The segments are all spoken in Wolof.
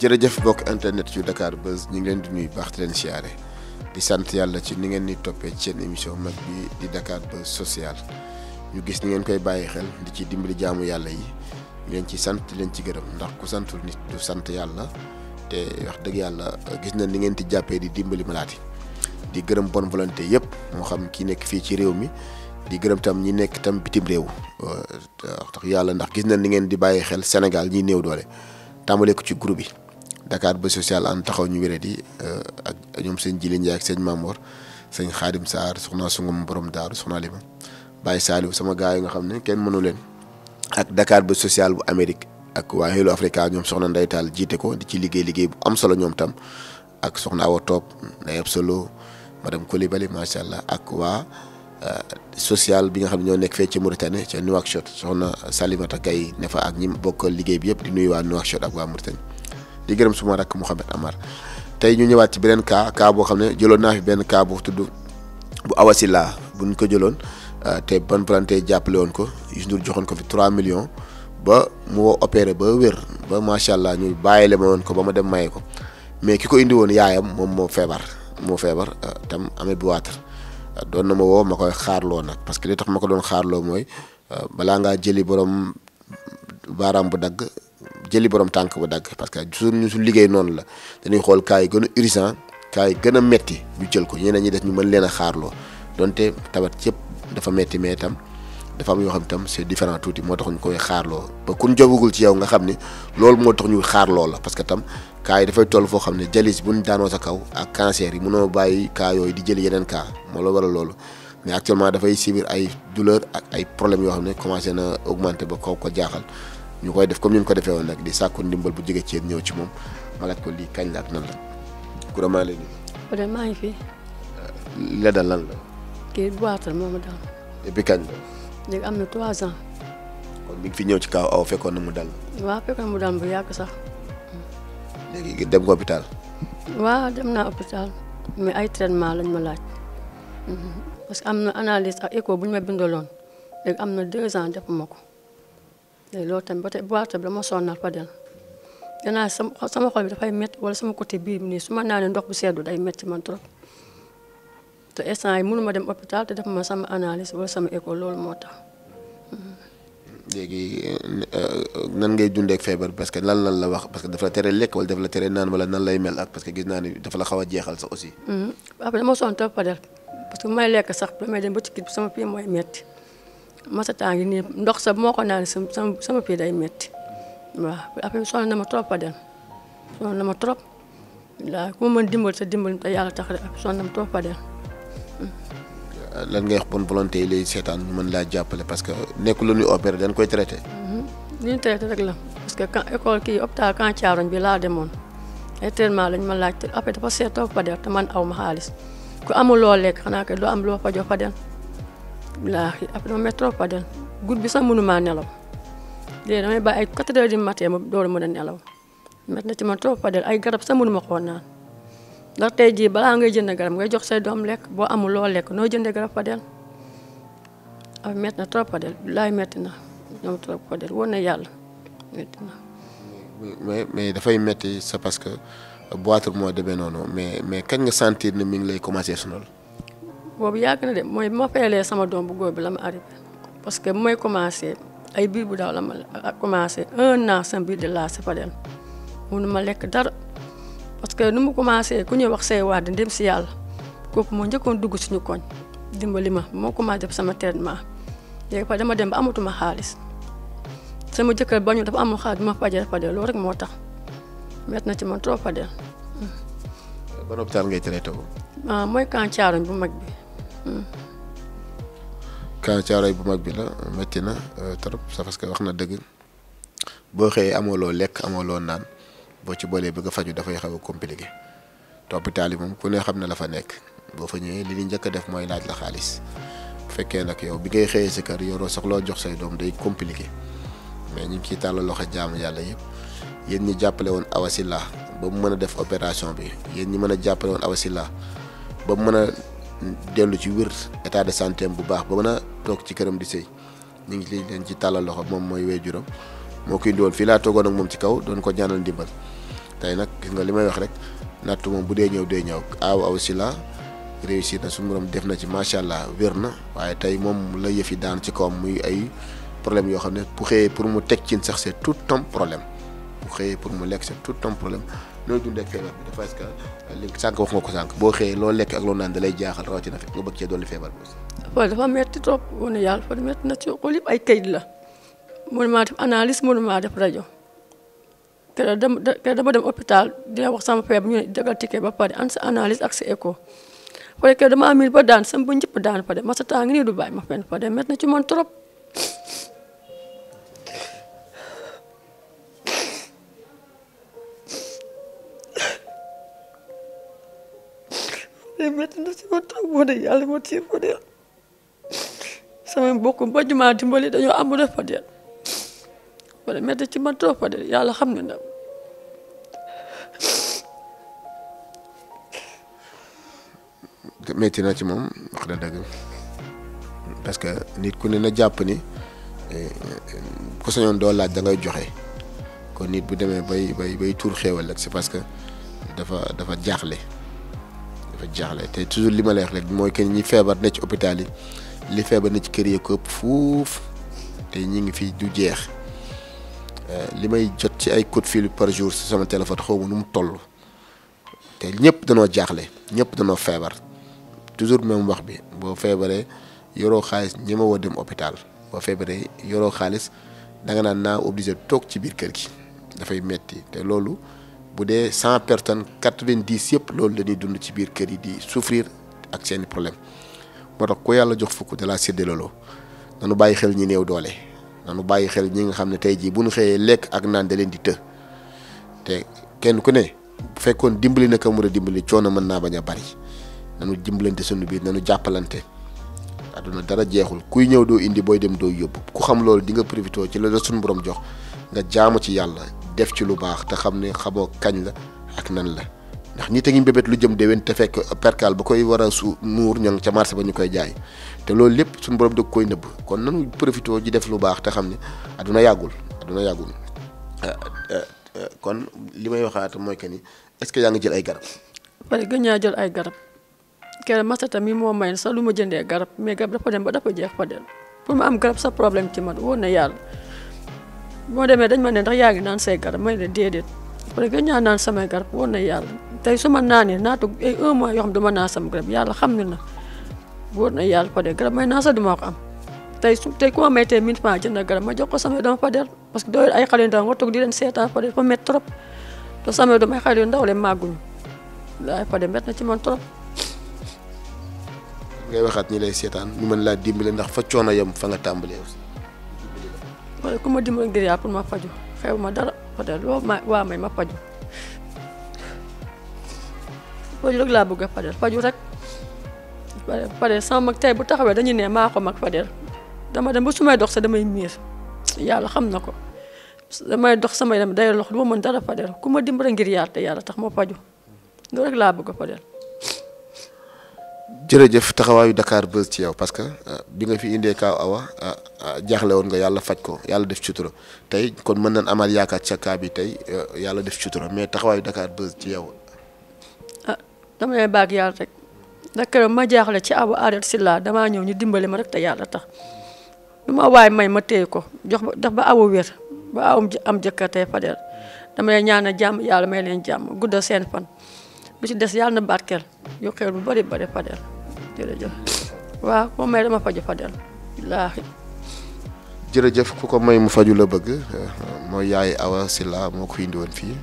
jërëjëf bokk internet yu Dakar Buzz ñu ngi leen di nuyu baax di leen siyaare di sant yàlla ci ni ngeen di toppee ci seen émission mag bi di Dakar Buzz social ñu gis ni ngeen koy bàyyi xel di ci dimbali jaamu yàlla yi ñu ci sant leen ci gërëm ndax ku santul sant yàlla te dëgg yàlla gis na ni ngeen di jàppee di dimbali malaat di gërëm bonne yëpp moo xam ki nekk fii ci réew mi di gërëm tam ñi nekk tam bitim réew tax euh, yàlla ndax gis na ni ngeen di bàyyi xel Sénégal ñi néew doole tàmbale ko ci group yi dakaar ba social ànd taxaw ñu wérét di euh, ak ñoom sëñ Jili Njaay ak sëñ Mamoor sëñ Xaadim Saar soxna sungum borom daaru soxna Lima Baye Saliou sama gars yi nga xam ne kenn mënu leen ak Dakar ba social bu Amérique ak waa Hello ñoom soxna Ndey Taal jiite ko di ci liggéey liggéey bu am solo ñoom tam ak soxna Awa Top Ndey Solo madame Coulibaly macha allah ak waa euh, social bi nga xam ne ñoo nekk fee ci Mauritanie ca Nouakchott soxna Salimata Kay ne fa ak ñi bokkal liggéey bi yëpp di nuyu waa Nouakchott ak waa Mauritanie. di gërëm suma rakk Mouhamed Amar tey ñu ñëwaat ci beneen kaa kaa boo xam ne jëloon naa fi benn cas bu tudd bu awasila buñ ko jëloon euh, te ban plante jàppale woon ko Youssou Ndour joxoon ko fi 3 millions ba mu opéré ba wér ba macha allah ñuy bàyyile ma woon ko ba ma dem mayee ko mais ki ko indi woon yaayam moom moo feebar moo feebar euh, tam amee bu waatar euh, doon na ma woo ma koy xaarloo nag parce que li tax ma ko doon xaarloo mooy balaa ngaa jëli borom baaraam bu dagg. jëli borom tànk bu dagg parce que ñu su liggéey noonu la dañuy xool cas yi gën a urgent cas gën a metti ñu jël ko def ñu mën leen a xaarloo donte tabat yëpp dafa metti mais itam dafa am yoo xam itam c'est différent tuuti moo tax koy xaarloo ba kun jobagul ci yow nga xam ni loolu moo tax ñu xaarloo la parce que tam cas yi dafay toll foo xam ne jalis buñ daanoo sa kaw ak cancer yi mënoo bàyyi cas yooyu di jëli yeneen kaa moo la waral loolu mais actuellement dafay subir ay douleur ak ay problèmes yoo xam ne commencé na augmenter ba kaw ko jaaxal ñu koy def comme ni ñu ko defee woon rek di sàkku ndimbal bu jóge ci yéen ci moom ma laaj ko lii kañ la ak nan la Coura maa ngi fi. Euh, la dal lan la. kii boîte moom daal. depuis kañ am na trois ans. kon mi ngi fi ñëw ci kaw aw fekkoon na mu dal. waaw mu dal bu yàgg sax. léegi dem ko hôpital. waaw dem naa hôpital mais ay traitement lañ ma laaj mhm. parce que am na analyse ak écho bu ñu ma bindaloon léegi am na deux ans defuma ko. Eh, loolu tamit ba tey boite bi dama sonnal Fadel danaa sama xol bi dafay métti wala sama côté bii nii su ma naanee ndox bu seddu day metti man trop te instant yi mënuma dem hôpital te def ma sama analyse wala sama écho loolu moo tax. léegi euh, nan ngay dundee ak feebar parce que lan lan la wax parce que dafa la tere lekk wala dafa la tere naan wala nan lay mel ak parce que gis naa ni dafa la xaw a jeexal sax aussi. waaw mm-hmm. dama sonn trop Fadel parce que sax damay dem mooy métti. masataa ngi nii ndox sa moo ko naan sama sama pied day metti waaw après sonal na ma trop a dem na ma trop waaw ku ma dimbal sa dimbal te yàlla a dem. lan ngay wax bonne volonté yi lay seetaan ñu mën laa jàppale parce que nekkul lu ñuy dañ koy traité. Mhm. li ñu la parce que quand école kii hôpital Camp Thiaroye bi laa demoon actuellement lañ ma laaj après dafa seet trop a te man aw ma xaalis ku amul loo lekk xanaa kay doo am loo fa jox dem. bilaahi après dama métti bi sax mënu maa nelaw léegi ay quatre heures du ma door a mën nelaw métti na ci man trop del ay garab sax mënu ma koo ndax tey jii balaa ngay jënd garab ngay jox say doom lekk boo amul loo lekk noo jëndee garab del ah na trop del bilaahi na ñoom trop del woon na yàlla métti na. mais dafay métti c'est parce que boiteur moo demee noonu mais mais kañ nga sentir ne mi ngi lay commencé sonal. boobu yàgg na de mooy bi ma feelee sama doom bu góor bi la ma arrivé parce que bu may commencé ay biir bu daw la ma commencé un an de la céphalène mënu ma lekk dara parce que nu mu commencé ku ñuy wax say di dem si yàlla kooku moo njëkkoon dugg suñu koñ dimbali ma moo commencé def sama traitement léegi fa dama dem ba amatuma xaalis sama jëkkër ñu dafa amul xaalis ma fajee Fadel loolu rek moo tax met na ci man trop Fadel. ban hôpital ngay traité ah, mooy kan caaroñ bu mag bi. kaa caaroy bu mag bi la métti na euh, trop sa parce que wax na dëgg boo xëyee amoo loo lekk amoo loo naan boo ci boolee bëgg faju dafay xaw a compliqué te hôpital moom ku ne xam ne la fa nekk boo fa ñëwee li ñu njëkk def mooy laaj la xaalis bu fekkee nag yow bi ngay xëyee sa kër yoroo sax loo jox say doom day compliqué mais ñu ngi ciy tàllal loxo jaamu yàlla yëpp yéen ñi jàppale woon awasila ba mu mën a def opération bi yéen ñi mën a jàppale woon awasila ba mu dellu ci wér état de santé bu baax ba mën a toog ci këram di sëy ñu ngi li leen ci tàllal loxo moom mooy waajuram moo ki indiwoon fii laa toogoon ak moom ci kaw doon ko ñaanal ndimbal tey nag gis nga li may wax rek natt moom bu dee ñëw dee ñëw aaw aw si la réussir na su borom def na ci macha allah wér na waaye tey moom la yëf yi daan ci kawam muy ay problème yoo xam ne bu xëyee pour mu teg cin sax c'est tout un problème xëyee pour mu lekk c'est tout ton problème loolu dundee feebar bi dafa est que euh, li sànq wax nga ko sànq boo xëyee loo lekk ak loo naan da lay jaaxal rawatina fekk nga bëgg cee dolli feebar bi aussi. waaw dafa metti trop woon na yàlla fa metti na ay kayit la mënumaa def analyse mënumaa def rajo te dama dem hôpital dina wax sama feebar ñu ne daggal ticket ba pare an sa analyse ak sa ba daan sama bu njëpp daan fa dem ma nii du bàyyi ma fenn fa dem metti na ci trop. moo tax boo dee yàlla moo tiir boo dee sama mbokk ba jumaa dimbali dañoo am bu def fa dee wala metti ci man fa dee yàlla xam na ndam metti na ci moom wax parce que nit ku ne na jàpp ni eh, ku sañoon doo laaj dangay joxe kon nit bu demee bay bay bay tuur xéewal rek c'est parce que dafa dafa jaaxle ba jaaxle te toujours li ma lay wax rek mooy que ñi feebar ne ci hôpital yi li feebar ne ci kër yi ko ëpp fuuf te ñi ngi fi du jeex euh, li may jot ci ay coup de fil par jour si sama téléphone xaw ma nu mu toll te ñëpp danoo jaaxle ñëpp danoo feebar toujours même wax bi boo feebaree yoroo xaalis ñema dem hôpital boo feebaree yoroo xaalis da nga naan naa obligé toog ci biir kër gi dafay metti te loolu. bu dee cent personnes quatre-vingt-dix yëpp loolu la ñuy dund ci biir kër yi di souffrir ak seeni problème moo tax ku yàlla jox fukk de la séddaloo nanu bàyyi xel ñi néew doole nanu bàyyi xel ñi nga xam ne tey jii bu nu xëyee lekk ak naan da leen di të te kenn ku ne bu fekkoon dimbali na ko mën a dimbali coono mën naa bañ a bari nanu dimbalante sunu biir nanu jàppalante àdduna dara jeexul kuy ñëw doo indi booy dem doo yóbbu ku xam loolu di nga profité ci la la sunu borom jox nga jaamu ci yàlla. def ci lu baax te xam ne xamoo kañ la ak nan la ndax ñi te ngi mbébét lu jëm déwén te fekk percal ba koy war a su muur ña ca marché ba ñu koy jaay te loolu lépp suñu borom dëgg koy nëbb kon nanu profité ji def lu baax te xam ne aduna yàggul aduna yàggul ah, ah, ah, kon li may waxaat mooy que ni est que yaa ngi jël ay garab. bari gën ñaa jël ay garab kenn masata mi moo may sax lu ma jëndee garab mais garab dafa dem ba dafa jeex fa del pour ma am garab sa problème ci man wóor na yàlla. moo demee dañ ma ne ndax yaa ngi naan say garab may la déedéet parce que ñaa naan samay garab woon na yàlla tey su ma naanee naatu ay un mois yoo xam du naan sama garab yàlla xam ne na wóor na yàlla peut-être garab may naa sax du ma ko am tey su tey ku ma may tey mille garab ma jox ko samay dama peut-être parce que dooyu ay xale yu ndaw nga toog di leen seetaan peut-être fa métti trop sama doom ay xale ndaw leen màgguñu laay na ci man trop. ngay waxaat ñi lay seetaan ñu mën laa dimbale ndax fa coono yem fa nga tàmbalee man ku ma dimbali ngir yàlla pour ma faju xew ma dara wax loo ma waa may ma faju faju rek laa bëgg a Fadel faju rek Fadel sama mag tey bu taxawee dañuy ne maa ko mag Fadel dama dem ba su may dox sax damay miir yàlla xam na ko damay dox sama dem day lox du ma mën dara Fadel ku ma dimbali ngir yàlla te yàlla tax ma faju loolu rek laa bëgg a jërëjëf taxawaayu Dakar Buzz ci yow parce que euh, bi nga fi indee kaaw awa euh, euh, jaaxle woon nga yàlla faj ko yàlla def sutura tey kon mën nañ amaat yaakaar ca kaa bi tey yàlla def sutura mais taxawaayu Dakar Buzz ci yow. ah dama ma jaaxle ci abu aadat damaa ñëw ñu dimbali ma rek te yàlla tax lu ma waay may ma téye ko jox ba dox ba awu wér ba awum am jëkkër tey fadeel dama lay ñaanal jàmm yàlla may leen jàmm guddal seen fan. bi ci des yàlla na barkeel yu xeer bu bari bari Fadel jërëjëf waaw moom may dama faju ku ko may mu faju la bëgg mooy yaay Awa Sylla moo ko indi woon fii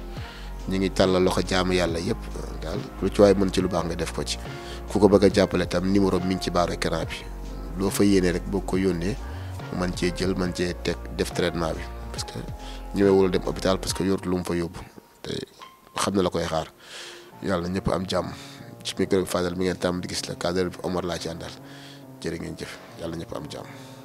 ñu ngi tàllal loxo jaamu yàlla yëpp daal lu ci waaye mën ci lu baax nga def ko ci ku ko bëgg jàppale tam numéro mi ngi ci baaru écran bi loo fa yéene rek boo ko yónnee man cee jël man cee teg def traitement bi parce que ñëwewul dem hôpital parce que yorut lu mu fa yóbbu te xam na la koy xaar yàlla ñëpp am jàmm ci micro bi mi ngeen tàmm di gis la cadre bi Omar laa ci àndal jërë ngeen jëf yàlla ñëpp am jàmm.